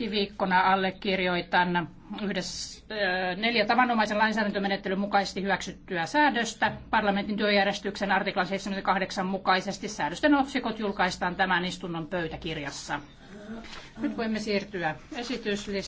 keskiviikkona allekirjoitan yhdessä neljä tavanomaisen lainsäädäntömenettelyn mukaisesti hyväksyttyä säädöstä. Parlamentin työjärjestyksen artiklan 78 mukaisesti säädösten otsikot julkaistaan tämän istunnon pöytäkirjassa. Nyt voimme siirtyä esityslistaan.